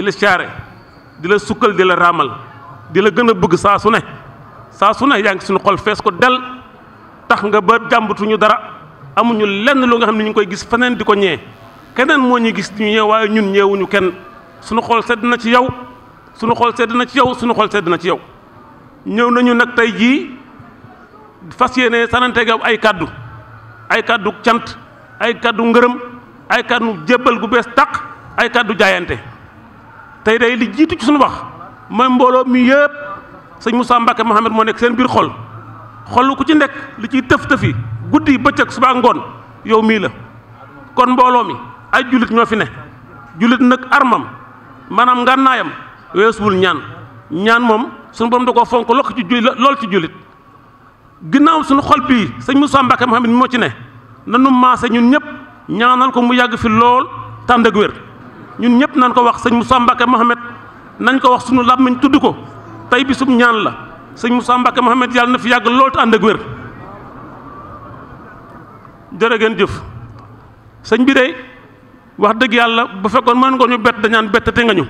di la siyaare di la sukkal di la raamal di la gën a bëgg saa su ne saa su ne yaa ngi suñu xol fees ko del tax nga ba jàmbatuñu dara amuñu lenn lu nga xam ne ñu koy gis feneen di ko ñee keneen moo ñuy gis ñu ñëw waaye ñun ñeewuñu kenn sunu xol sedd na ci yow sunu xol sedd na ci yow suñu xol sedd na ci yow ñëw nañu nag tey jii fas yéene sanante gaw ay kàddu ay kàddu cant ay kàddu ngërëm ay kàddu jébbal gu bees tàq ay kàddu jaayante tey day li jiitu ci suñu wax mooy mbooloo mii yëpp sëñ Moussa Mbacke Mouhamed moo nekk seen biir xol xol ko ci nekk li ciy tëf tëfi guddi bëccëg subaa ngoon yow mii la kon mbooloo mi ay jullit ñoo fi ne jullit nag armam maanaam ngànnaayam weesuwul ñaan ñaan moom suñu borom da ko fonk lokk ci jullit lool ci jullit ginnaaw suñu xol bii sëñ Moussa Mbacke mi moo ci ne nanu maase ñun ñëpp ñaanal ko mu yàgg fi lool tànd ñun ñëpp nañ ko wax sëñ Moussa Mbacke Mohamed nañ ko wax suñu làmmiñ tudd ko tey bisum ñaan la sëñ Moussa Mbacke Mohamed yàlla na fi yàgg lool te ànd ak wér jërë ngeen jëf sëñ bi de wax dëgg yàlla bu fekkoon mën nga ñu bett dañaan bett te nga ñu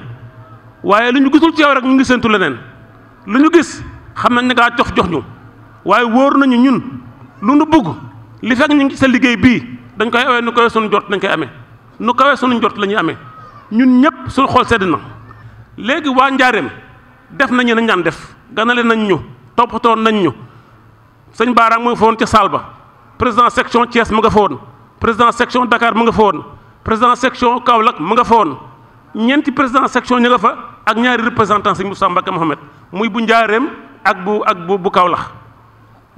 waaye lu ñu gisul ci yow rek ñu ngi séntu leneen lu ñu gis xam nañ ne ngaa jox jox ñu waaye wóor nañu ñun lu nu bugg li fekk ñu ngi sa liggéey bii dañ koy awee nu koy sunu jot dañ koy amee nu kawee sunu jot la ñuy amee ñun ñëpp suñu xool sedd na léegi waa njaareem def nañu nañ daan def ganale nañ ñu toppatoo nañ ñu sëñ Baaraam mu nga fa woon ca Salba président section Thiès mu nga fa woon président section Dakar mu nga fa woon président section Kaolack mu nga fa woon ñeenti président section ñu nga fa ak ñaari représentant sëñ Moussa Mbacke Mohamed muy bu njaareem ak bu ak bu bu Kaolack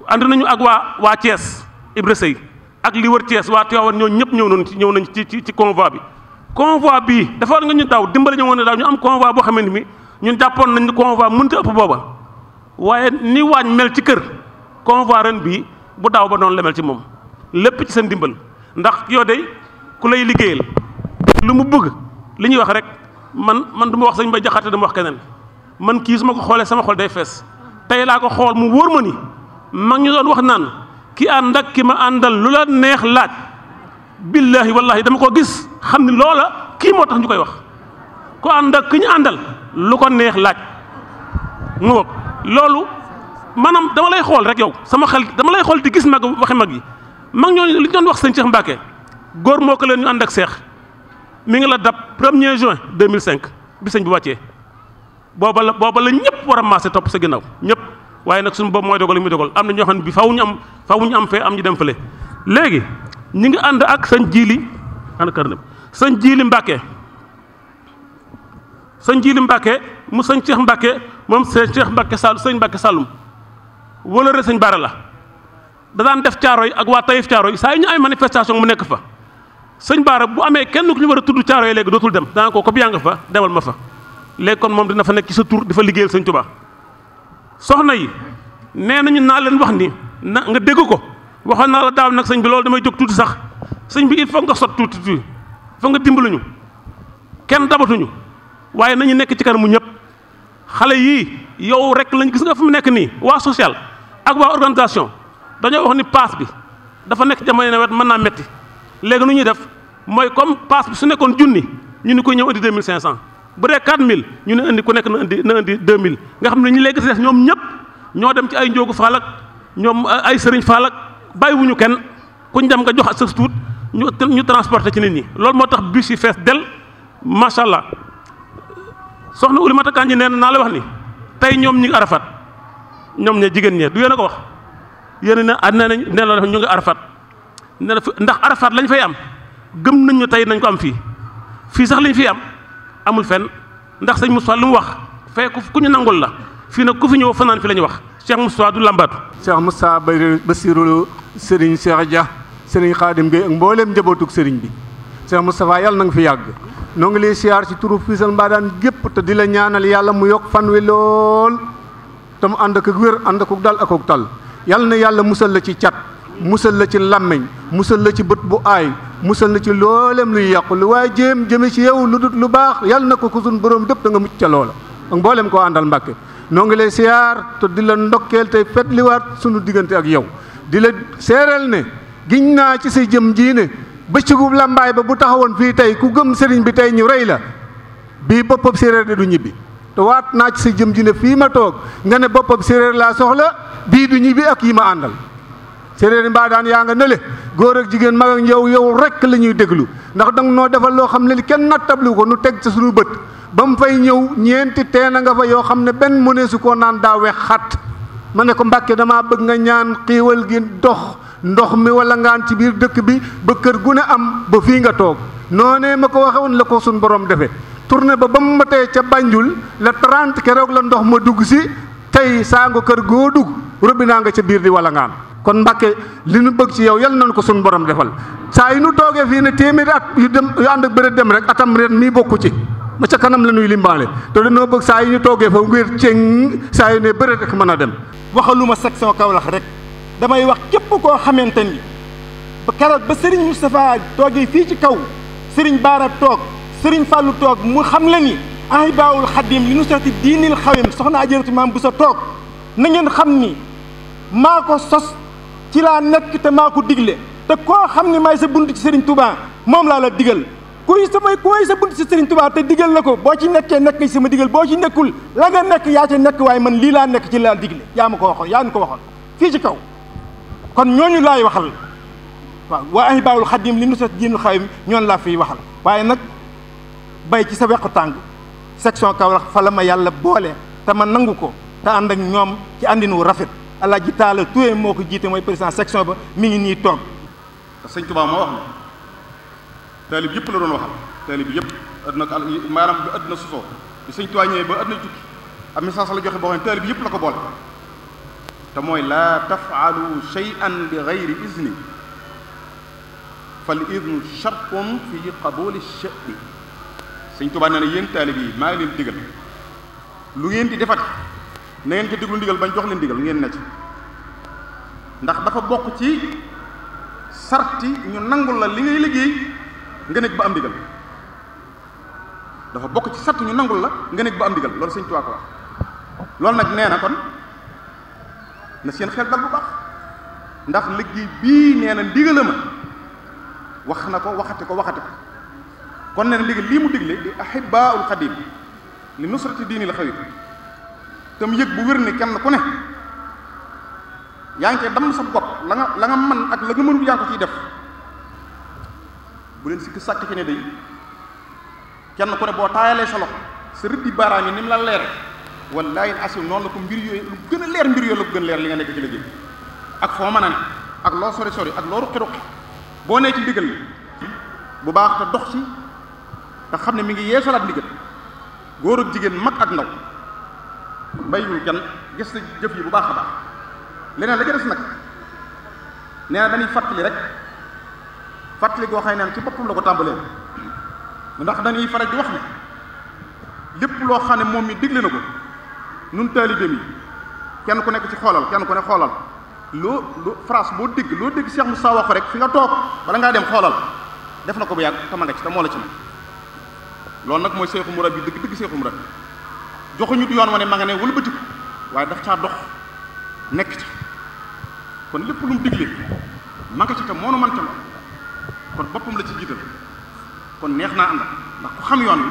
ànd nañu ak waa waa cees Ibra Sey ak li wër Thiès waa Tivaouane ñoo ñëpp ñëw nañ ci ñëw nañ ci ci convoi bi convoi bii dafa war nga ñu daaw dimbali ñu woon ne daaw ñu am convoi boo xamante ni ñun jàppoon nañ ni convoi mënta ëpp booba waaye ni waañ mel ci kër convoi ren bii bu daaw ba noonu la mel ci moom lépp ci seen dimbal ndax yow de ku lay liggéeyal lu mu bëgg li ñuy wax rek man man du ma wax sëñ Mbaye Jaxate dama wax keneen man kii su ma ko xoolee sama xol day fees tey laa ko xool mu wóor ma ni mag ñu doon wax naan ki ànd ak ki ma àndal lu la neex laaj. billaahi wallaahi dama ko gis xam ni loola kii moo tax ñu koy wax ko ànd ak ki ñu àndal lu ko neex laaj mu wëpp loolu maanaam dama lay xool rek yow sama xel dama lay xool di gis mag waxi mag yi mag ñooñu li ñu wax sëñ Cheikh Mbacke góor moo ko leen ñu ànd ak seex mi ngi la dab juin er mille 2005 bi sëñ bi wàccee booba la booba la ñëpp war a maase topp sa ginnaaw ñëpp waaye nag suñu boob mooy dogal li muy dogal am na ñoo xam ne bi faaw ñu am faaw am ñu dem léegi. ñu ngi ànd ak sañ jiili ana kër sëñ jiili Mbàkke sëñ jiili Mbàkke mu sëñ Cheikh Mbàkke moom sëñ Cheikh Mbàkke Sall sëñ Mbàkke Sallum wala re sëñ Bara la da daan def caaro yi ak waa Taïf caaro yi saa yi ñu amee manifestation mu nekk fa sëñ Bara bu amee kenn ku ñu war a tudd caaro yi léegi dootul dem daan ko ko yaa nga fa demal ma fa léegi kon moom dina fa nekk ci sa tur di fa liggéeyal sëñ Tuubaa soxna yi nee nañu naa leen wax ni na nga dégg ko waxoon naa la daaw nag sëñ bi loolu damay jóg tuuti sax sëñ bi il faut nga sot tuuti tuuti fa nga ñu kenn dabatuñu waaye nañu nekk ci kanamu ñëpp xale yii yow rek lañ gis nga fu mu nekk nii waa social ak waa organisation dañoo wax ni paas bi dafa nekk jamono nawet mën naa metti léegi nu ñuy def mooy comme paas bi su nekkoon junni ñu ni koy ñëw indi deux mille cinq cent bu dee quatre mille ñu ne indi ku nekk na indi na indi deux mille nga xam ne ñu léegi si des ñëpp ñoo dem ci ay njóogu faal ñoom ay sëriñ faal bàyyiwuñu kenn kuñ dem nga jox ak sës tuut ñu ñu transporté ci nit ñi loolu moo tax bus yi fees del macha allah soxna Oulimata Kandji nee na naa la wax ni tey ñoom ñu ngi arafat ñoom ña jigéen ñee du yéen a ko wax yéen ne ah nee nañ nee na ñu ngi arafat nee ndax arafat lañ fay am gëm nañ ñu tey nañ ko am fii fii sax lañ fiy am amul fen ndax sëñ Moussa lu mu wax fee ku ñu nangul la fii nag ku fi ñëw fanaan fii la ñu wax. Cheikh Moustapha du lambatu Cheikh Moustapha Bassirou Serigne Cheikh Dia Serigne Khadim Gueye ak mbooleem njabootug Serigne bi Cheikh Moustapha yàlla na nga fi yàgg noo ngi lay siyaar ci turu Fissel Mbadane gépp te di la ñaanal yàlla mu yokk fan wi lool te mu ànd ak wér ànd ak dal ak tal yàlla na yàlla musal la ci cat musal la ci làmmiñ musal la ci bët bu aay musal na ci looleem luy yàqu lu waaye jéem jëme ci yow lu dut lu baax yàlla na ko ko suñ borom dëpp da nga mucc ca loola ak àndal mbàkke noo ngi lay siyaar te di la ndokkeel tey fetliwaat sunu diggante ak yow di la seereel ne giñ naa ci say jëm jii ne bëccëgu làmbaay ba bu taxawoon fii tey ku gëm sëriñ bi tey ñu rey la bii boppam séeréer de du ñibbi te waat naa ci sa jëm ji ne fii ma toog nga ne boppam séeréer laa soxla bii du ñibbi ak yi ma àndal séeréer yi mbaa daan yaa nga nële góor ak jigéen mag ak yow yow rek la ñuy déglu ndax danga noo defal loo xam ne li kenn nattablu ko nu teg ci suñu bët ba mu fay ñëw ñeenti teen a nga fa yoo xam ne benn mënee su koo naan daa xat ma ne ko mbàkke damaa bëgg nga ñaan xiiwal gi dox ndox mi wala ngaan ci biir dëkk bi ba kër gu ne am ba fii nga toog noonee ma ko waxe la ko suñ borom defee tournée ba ba mu matee ca Banjul la 30 keroog la ndox ma dugg si tey saango kër goo dugg robinaa nga ca biir di wala ngaan kon Mbàkke li nu bëgg ci yow yal nañu ko suñu borom defal saa yi nu toogee fii ne téeméeri at yu dem yu ànd ak bëreet dem rek atam ren nii bokku ci ba ca kanam la nuy limbaale te noo bëgg saa yi ñu toogee fa ngir ceeŋ saa yu ne bëreet rek mën a dem. waxaluma kaw Kaolack rek damay wax képp koo xamante ni ba keroog ba Serigne Moustapha toogee fii ci kaw Serigne Baara toog Serigne Fallou toog mu xam la ni ay baawul xaddim li nu seeti diinil xawim soxna ajaratu maam bu sa toog na xam ni maa ko sos. ci laa nekk te maa ko digle te koo xam ne maay sa bunt ci Serigne Touba moom laa la digal kuy samay kuy sa bunt ci Serigne Touba te digal la ko boo ci nekkee nekk nga ci sama digal boo ci nekkul la nga nekk yaa ca nekk waaye man lii laa nekk ci laa digle yaa ma ko waxoon yaa ñu ko waxoon fii ci kaw kon ñooñu laay waxal waaw waa ahibaawul xadim li nu sa diinul xawim ñoon laa fiy waxal waaye nag bay ci sa wequ tàng section Kaolack fa la ma yàlla boole te ma nangu ko te ànd ak ñoom ci àndin wu rafet Alaaji Taala Touré moo ko jiite mooy président section ba mi ngi nii toog sëñ Tuubaa moo wax ne taalib yëpp la doon waxal taalib yëpp adduna ko maanaam ba adduna sosoo bi sëñ Tuubaa ñëwee ba adduna tukki am message la joxe boo xam ne taalib yëpp la ko boole te mooy la tafaalu shay'an bi gayri izni fal idnu shartun fi qabuli sha'ni sëñ Tuubaa nee na yéen taalib yi maa ngi digal lu ngeen di defat na ngeen ci diglu ndigal bañ jox leen ndigal ngeen ne ci ndax dafa bokk ci sarti ñu nangul la li ngay liggéey nga nekk ba am ndigal dafa bokk ci sarti ñu nangul la nga nekk ba am ndigal loolu sëñ Tuubaa ko wax loolu nag nee na kon na seen xel dal bu baax ndax liggéey bii nee na wax na ko waxati ko waxati ko kon nee na ndigal lii mu digle di ahibaul xadim li nusrati diini la xawit te mu yëg bu wér ni kenn ku ne yaa ngi koy damm sa bopp la nga la nga man ak la nga mënul yaa ngi ciy def bu leen sikk sàkk ci ne day kenn ku ne boo taayalee sa loxo sa rëddi baaraam yi ni mu la leer wallaahi asim noonu la ko mbir yooyu lu gën a leer mbir yooyu la ko gën leer li nga nekk ci liggéey ak foo mën a ne ak loo sori sori ak loo ruqi ruqi boo nee ci ndigal bu baax te dox ci te xam ne mi ngi yeesalaat ndigal góor ak jigéen mag ak ndaw bàyyiwul kenn gis na jëf yi bu baax a baax leneen la ca des nag nee na dañuy fàttali rek fàttali goo xëy neen ci boppam la ko tàmbalee ndax dañuy faral di wax ne lépp loo xam ne moom mi digle na ko nun taalibe mi kenn ku nekk ci xoolal kenn ku ne xoolal loo loo phrase boo dégg loo dégg Cheikh Moussa wax rek fi nga toog bala ngaa dem xoolal def na ko bu yàgg tama nga ci te moo la ci nag loolu nag mooy seexu murab bi dégg dëgg seexu murab joxuñu yoon wa ne ma nga ne wëlbatiku waaye daf caa dox nekk ca kon lépp lu mu digle ma nga ca te man ca lool kon boppam la ci jiital kon neex naa àndal ndax ku xam yoon wi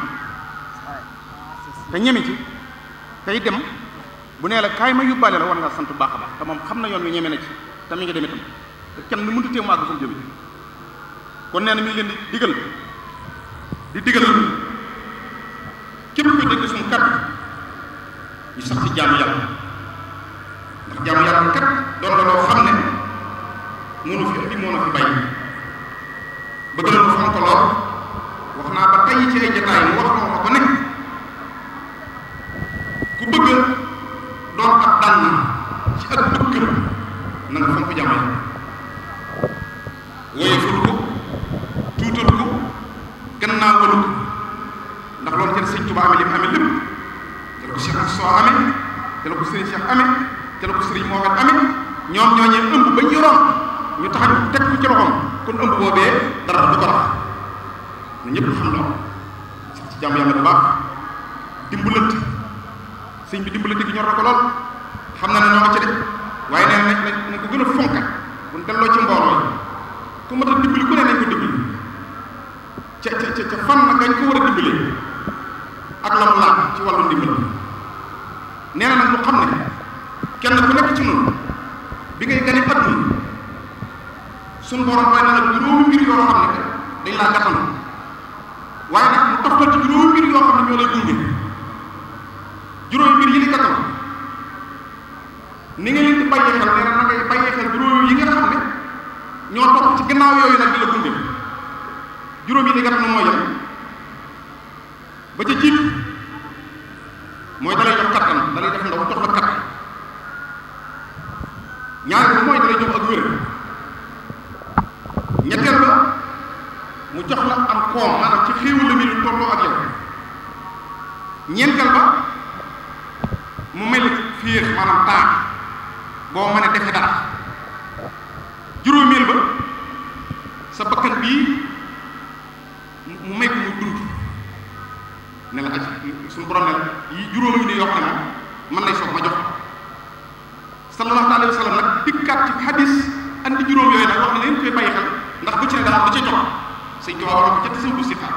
te ñeme ci tey dem bu nee la kaay ma yóbbaale la war ngaa sant baax a te moom xam na yoon ñu ñeme na ci te mi ngi dem itam te kenn nu mënta mu àgg fa mu jëme kon nee na mi ngi leen di digal di digal képp kuy dégg suñu ñu sax ci jaamu yàlla ndax jaamu yàlla kat doon na loo xam ne mënu fi indi moo na fi bàyyi bëgg na ko fonk lool wax naa ba tey ci ay mu wax na ko ne ku bëgg doon ab dànn amin te la ko sëriñ moo waxat amin ñoom ñooñee ëmb bañ yoroon ñu tax ñu teg ko ci loxoom kon ëmb boobee dara du ko rax ñu xam loolu sax ci jàmm yàlla bu baax dimbalante sëñ bi dimbalante gi ñor na ko lool xam na ne ñoo ci de waaye nee nañ nañ ko gën a fonkat buñ delloo ci mbooloo yi ku mat a ku ne nañ ko dimbali ca ca ca fan nag dañ ko war a dimbali ak la mu laaj ci wàllu ndimbal nee na nag lu xam ne kenn ku nekk ci noonu bi ngay gane adduna suñu borom waaye nag juróomi mbir yoo xam ne dañ laa gàttal waaye nag mu toftal ci juróomi mbir yoo xam ne ñoo lay yi di gàttal ni nga leen di bàyyee xel nee na ngay bàyyee xel juróomi yi nga xam ne ñoo topp ci gannaaw yooyu nag di la gunge juróom yi di mooy yem ba ca jiitu mooy dalay jox kat ñeenteel ba mu mel fiir maanaam temps boo mën a defe dara juróomeel ba sa bakkan bii mu may ko mu dund ne la aj suñu borom ne la juróomi ni yoo xam ne moom mën nay soog ma jox sallallahu alayhi wa sallam nag dikkaat ci hadis andi juróom yooyu nag wax ne leen koy bàyyi xel ndax bu ci ne dara da ca jox sëñ Tuubaa war na ko ca tasawdu sixa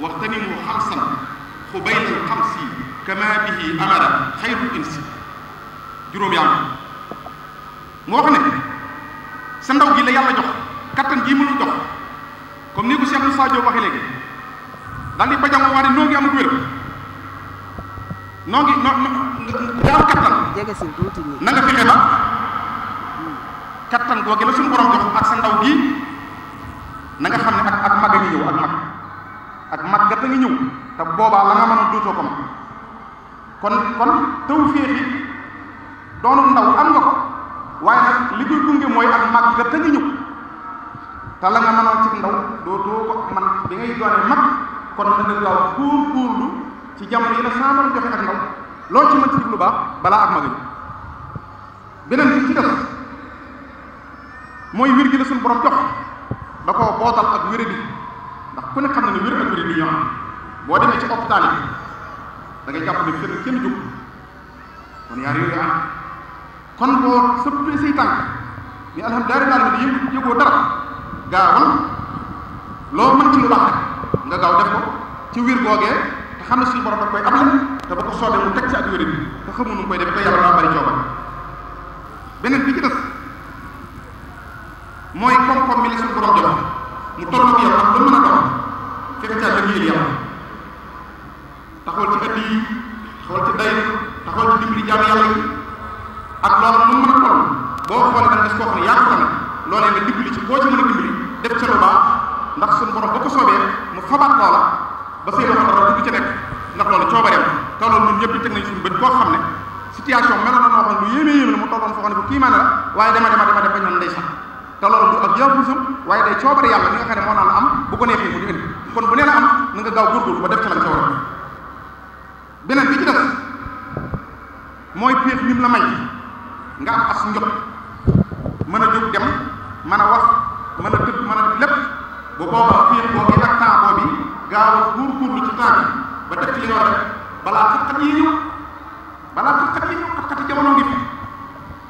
waxtanimu xamsan xubayl alxamsi kama bihi amara xayrul insi juróom yaa mu wax ne sa ndaw gi la yàlla jox kattan gii mënul jox comme ni ko Cheikh Moussa Diop léegi daal di waa ne noo ngi amul wér noo ngi no nga am kattan na nga fexe ba kattan googu la suñu jox ak sa ndaw gi nanga xam ne ak ak mag a ngi ñëw ak mag ak mag a ngi ñëw te boobaa la nga mën a duutoo ko man kon kon tawféex yi doonu ndaw am nga ko waaye li koy gunge mooy ak mag nga tënk ñu te la nga a ci ndaw dootoo ko man bi ngay doone mag kon a nga gaaw góor góorlu ci jamono yi la saa mën joxe ak ndaw loolu ci mën ci lu baax balaa ak mag ñu beneen bi ci def mooy wér gi la suñu borom jox da koo bootal ak wéré ndax ku ne xam na ne wér ak wéré bi boo demee ci hôpital yi da ngay jàpp ne kenn kenn jóg kon yaar yooyu am kon boo sëppee say tànk ni alhamdulilah di yëg yëgoo dara gaawal loo mën ci lu baax nga gaaw def ko ci wiir googee te xam ne suñu borom da koy am la te ba ko soobee mu teg ci ak wérin te xamu nu koy def te yàlla daa bari coobar beneen bi ci def mooy koom-koom mi la suñu borom jox mu toll ak yow ak lu mën a dox fekk caa jël yéen yàlla taxawal ci ëtt yi taxawal ci day taxawal ci dimbali jàmm yàlla yi ak loolu lu mu mën a toll boo xoolee nag des koo xam ne yaa ko xamee boo ci def ca lu baax ndax suñu borom ba ko soobee mu fabaat loola ci nekk ndax loolu coobareem te noo xam lu yéeme yéeme la xam ne ko kii maa ne la waaye dama dama dama def bañ naan ndey sax te loolu du waaye day coobare yàlla li nga xam ne moo la am bu ko neexee kon bu nee la am na nga gaaw góorgóorlu ba def ca la nga ca beneen bi ci des mooy pièce bi mu la may nga am as njot mën a jóg dem mën a wax mën a tëdd mën a lépp bu boobaa pièce boobu ak temps boobu gaaw a buur ci temps ba def ci li nga war a def balaa xat-xat yi ñëw balaa xat-xat yi ñëw xat-xati jamono ngi fi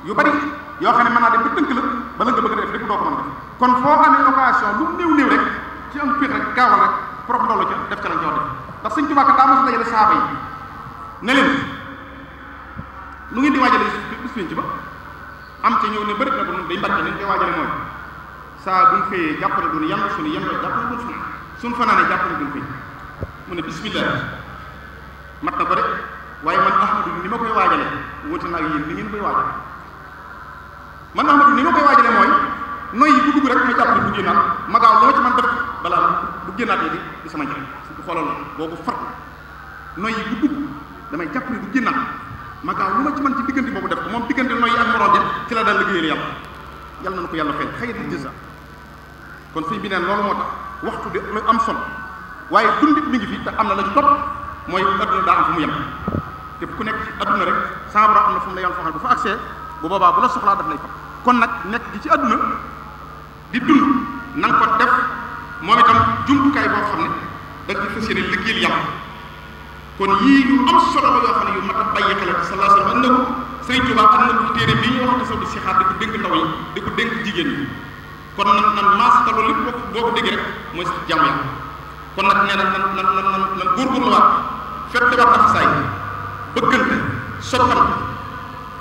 yu bari yoo xam ne mën naa dem ba tënk la bala nga bëgg a def lépp doo ko mën a def kon foo amee occasion lu néew néew rek ci am pièce rek gaawal rek propre loolu ci def ca lañ ca war a def ndax sëñ daa ne leen lu ngeen di waajale bis pénc ba am ca ñëw ne bëri na ko day mbàcc nañ koy waajale mooy saa buñ xëyee jàpp na duñ yem suñu yem jàpp na duñ fanaan suñ mu ne bismillah mat na ko rek waaye man ahmadu ni ma koy waajale wóote naa ak yéen ni ngeen koy waajale man ahmadu ni ma koy waajale mooy noy yi bu rek ma jàpp ne bu génnaat ma gaaw loo ci man def balaa bu génnaat yi di sama njëriñ su ko xoolal boo ko far noy yi bu damay jàpp ne du génnaat ma gaaw lu ma ci mën ci diggante boobu def moom diggante noyyi ak morom ja ci la daan liggéeyal yàlla yàlla na ko yàlla fay xëy na jësa kon sëñ bi neen loolu moo tax waxtu bi lu am solo waaye dundit mi ngi fi te am na la ci topp mooy adduna daa mu yem te ku nekk adduna rek saabara am na fu mu la yàlla faxal bu fa accès bu boobaa bu la soxlaa daf lay fab kon nag nekk di ci adduna di dund na ko def moo moom itam jumtukaay boo xam ne da nga ci fas kon yii yu am solo la yoo xam ne yu mat a bàyyi xel la sallallahu alayhi wa sallam am na ko Sëriñ Tuubaa am na ko téere bii ñu wax ne saw di sixaar di ko dénk ndaw yi di ko dénk jigéen ñi kon nag nan maas taloo lépp boo boo ko kon nag nee na nan nan nan nan nan góorgóorluwaat fekk war tax saay bëggante soppante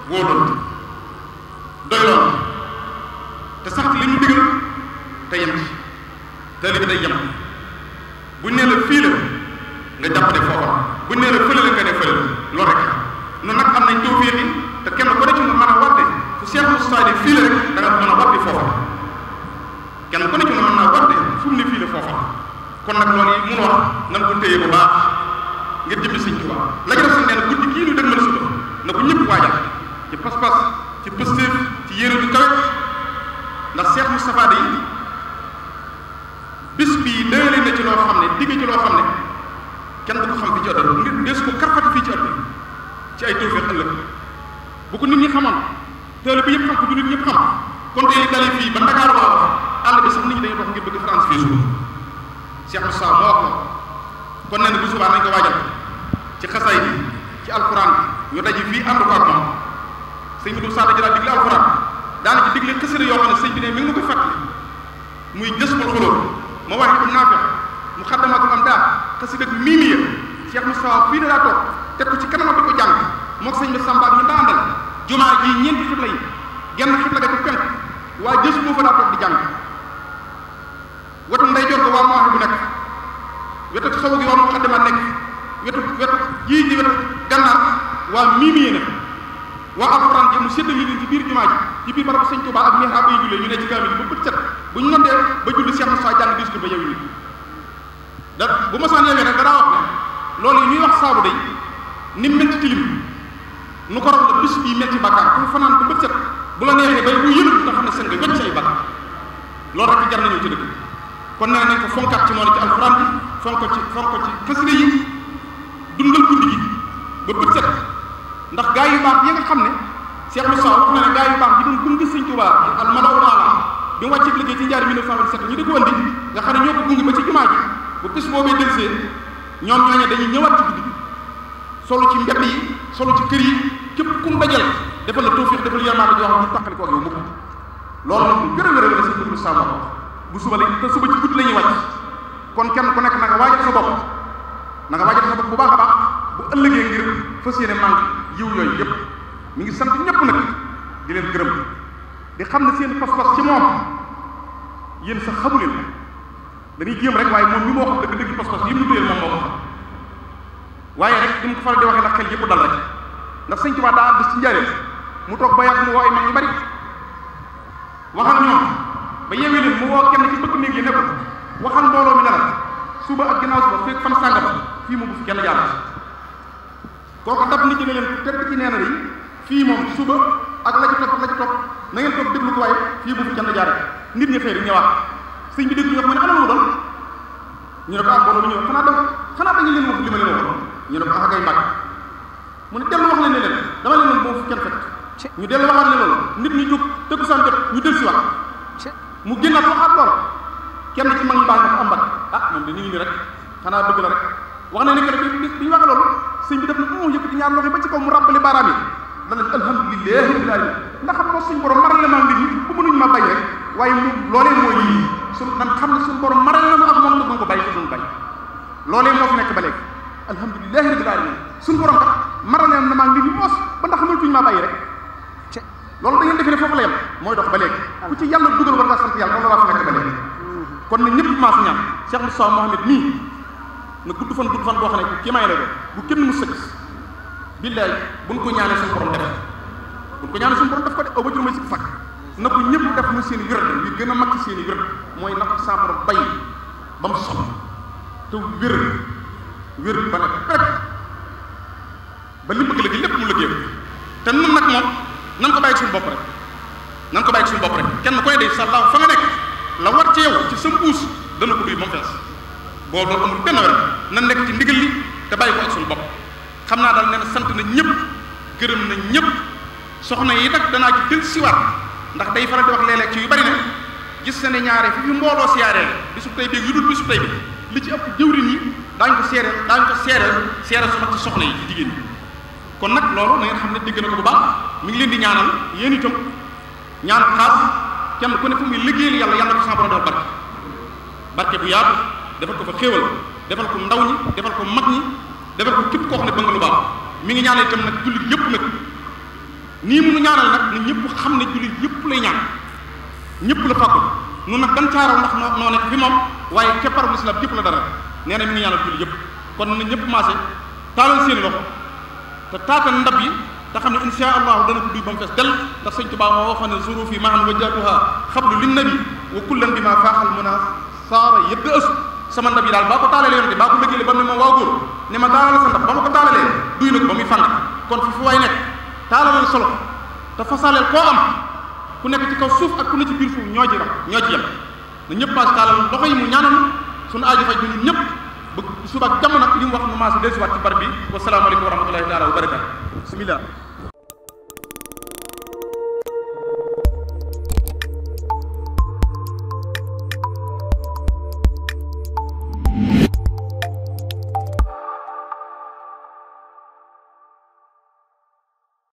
wóolante doyloon te sax li mu digal te yem ci te li day yem kenn du ko xam fii ko karfati fii ci àdduna bi yëpp xam ko jullit ñëpp kon tey li dalee fii ba Ndakaar waaw àll bi sax na bu subaa nañ ko waajal ci xasaay bi ci alquran bi ñu daje fii ànd ko ak moom sëñ bi du saa dañu daal digle alquran daanaka digle xasida yoo xam ne sëñ bi ne mi ngi ma koy fàttali muy jës ko xoloo ma wax ko naafeq mu xaddamaatul am daal xasida ak mii nii Cheikh Moustapha fii da teg ko ci kanamam di ko jàng moog sëñ bi Samba ñu daa àndal jumaa jii ñeenti xibla yi genn xibla ga ci penk waaye jësu moo fa daa toog di jàng wetu ndeyjoor ko waa Mawar bu nekk wetu sowu gi waa Muqaddima nekk wetu wetu yii di wetu gànnaar waa mii nii nekk waa alxuraan ji mu séddal leen ci biir jumaa ji ci biir barabu sëñ Tuubaa ak mihrab yi jullee ñu ne ci kaamil ba bët set bu ñu noddee ba ba da bu ma saan ne nag danaa wax ne lool yi ñuy wax saabu day ni mel ci tilim nu ko rob la bis bii mel ci ku mu fanaan bu bët set bu la neexee bay bu yënul nga xam ne sën nga wecc ay bàkkaar loolu rek jar nañu ci dëkk kon nee nañ ko fonkaat ci ci alxuraan bi fonk ko ci ko ci xasida yi dundal guddi gi ba bët set ndax gaa yu baax xam ne Cheikh Moussa wax na ne gaa yu baax yi doon gunge Sëñ Tuubaa ñu di ko andi nga xam ne ñoo ko gunge ba ci jumaa ji bu bis boobee delsee ñoom ñooñu dañuy ñëwaat ci guddi solo ci mbedd yi solo ci kër yi képp ku mu dajal defal la tawfiix defal yërmaande joo xam ne du tàqali ko ak yow loolu nag lu gën a wér la sëñ Abdou Samb wax bu suba la te suba ci guddi la ñuy wàcc kon kenn ku nekk na nga waajal sa bopp na nga waajal sa bopp bu baax a baax bu ëllëgee ngir fas yéene manque yiw yooyu yëpp mi ngi sant ñëpp nag di leen gërëm di xam ne seen pas-pas ci moom yéen sa xamu leen dañuy jéem rek waaye moom mi moo xam dëgg-dëgg pas-pas yi mu duyeel moom moo ko xam waaye rek ni mu ko di waxee ndax mu toog ba yàgg mu woo ay mag ñu bari leen mu woo kenn ci bëgg néeg yi ne ko ak ginnaaw suba fekk fan sàngam fii mu bu fi kenn jàll kooku dab nit ñi ne leen tëdd ci fii moom suba ak la ci topp la na ngeen toog déglu ko waaye fii bu fi kenn ñi xëy ñëwaat sëñ bi déglu ñu wax mu ne ñu ne ko am ah mbooloo mi ñëw xanaa daw xanaa dañu leen wax li ma leen ñu ne ko ah kay mbàcc mu ne dellu wax leen ne leen dama leen woon boobu kenn fekk ñu dellu waxaat ne loolu nit ñi jóg tëkku saan jot ñu del si wax mu génnaat waxaat loolu kenn ci mag ñu baax na ko am mbàcc ah moom de ñu ngi nii rek xanaa dëgg la rek wax na ne que bi bi ñu wax loolu sëñ bi def na mu yëkkati ñaar loxo ba ci kaw mu ràbbali baaraam yi dana alhamdulilah rabbil alamin ndax suñ borom maral la maa mbir yi bu mënuñ ma bañ rek waaye mu loolee mooy yii suñ nan xam ne suñu borom maral nañu ak moom la duñ ko bàyyi te duñ bàyyi loolee moo fi nekk ba léegi alhamdulilahi rabbil alamin suñu borom kat maral na maa ngi ñu moos ba ndax mënatuñ maa bàyyi rek loolu da ngeen defee ne foofu la yem mooy dox ba léegi ku ci yàlla dugal war ngaa sant yàlla loolu waa fi nekk ba léegi kon na ñëpp maa fi ñaan Cheikh Moustapha Mohamed nii ne bu kenn mu sëgg billaay ko ñaanee suñu borom def buñ ko ñaanee suñu borom def ko de aw ba jur may sikk na ko ñëpp def mu seen wird wi gën a mag ci seen wird mooy na ko saafara bay ba mu soxla te wér wér ba ne rek ba li bëgg léegi lépp mu liggéey te nun nag moom nan ko bàyyi suñu bopp rek nan ko bàyyi suñu bopp rek kenn koy dee sa laaw fa nga nekk la war ci yow ci sa mbuus dana ko duy ba mu fees boo doon amul benn wér nan nekk ci ndigal li te bàyyi ko ak suñu bopp xam naa daal nee na sant na ñëpp gërëm na ñëpp soxna yi nag danaa ci dellusiwaat ndax day faral di wax léeg-léeg ci yu bari ne gis sa ne ñaare fi fi mbooloo siyaaree bisu tey bii yu dul bisu tey bi li ci ëpp jëwriñ yi daañu ko seere daañu ko seereel seereel su mag ci soxna yi ci jigéen kon nag loolu na xam ne dégg na ko bu baax mi ngi leen di ñaanal yéen itam ñaan xaas kenn ku ne fu muy liggéeyal yàlla yàlla ko sama borom defal barke barke bu yaatu defal ko fa xéewal defal ko ndaw ñi defal ko mag ñi defal ko képp koo ne bëgg nga lu mi ngi ñaanal itam nag jullit yépp nii mu ñaanal nag ñun ñëpp xam ne jullit yëpp lay ñaan ñëpp la fàggu nun nag dan caaraw ndax noo nekk fi moom waaye kepparu lislaam yëpp la dara nee na mi ngi ñaanal jullit yëpp kon na ñëpp maase taalal seeni loxo te taatal ndab yi te xam ne insha allahu dana ko duy ba mu fees dell ndax sëñ Tuubaa moo waxoon ne zuru fi mahan wajjatuha xablu lin nabi wa kullan bi ma faaxal muna saara yëpp ësu ndab yi daal ba mu ne ma waaw góor ne ma taalal sa ndab ba ma ko taalalee duy na ko kon fi fu waay taalalal solo te fasaaleel koo am ku nekk ci kaw suuf ak ku ne ci biir suuf ñoo ci yem ñoo ci yem na ñëpp paas taalal loxo yi mu su sunu aajo faj ñun ñëpp ba suba ak jàmm nag li mu wax nu maas dellusiwaat ci bar bi wasalaamualeykum wa rahmatullahi taala wa barakatu bismillah